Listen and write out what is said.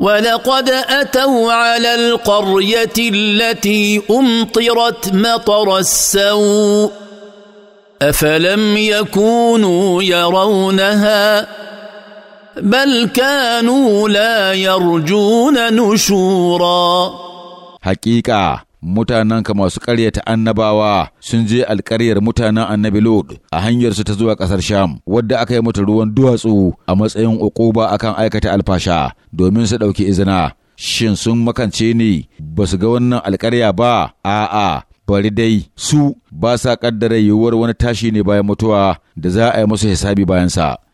ولقد اتوا على القريه التي امطرت مطر السوء افلم يكونوا يرونها بل كانوا لا يرجون نشورا حقيقه mutanenka masu ƙaryata annabawa sun je alƙaryar mutanen annabi Lod a hanyarsu ta zuwa ƙasar Sham, wadda aka yi mata ruwan duwatsu a matsayin uquba akan aikata alfasha. domin su ɗauki izina shin sun makance ne ba su ga wannan alƙarya ba a'a bari dai su ba sa ƙaddara yiwuwar wani tashi ne bayan mutuwa da za a yi musu hisabi bayansa.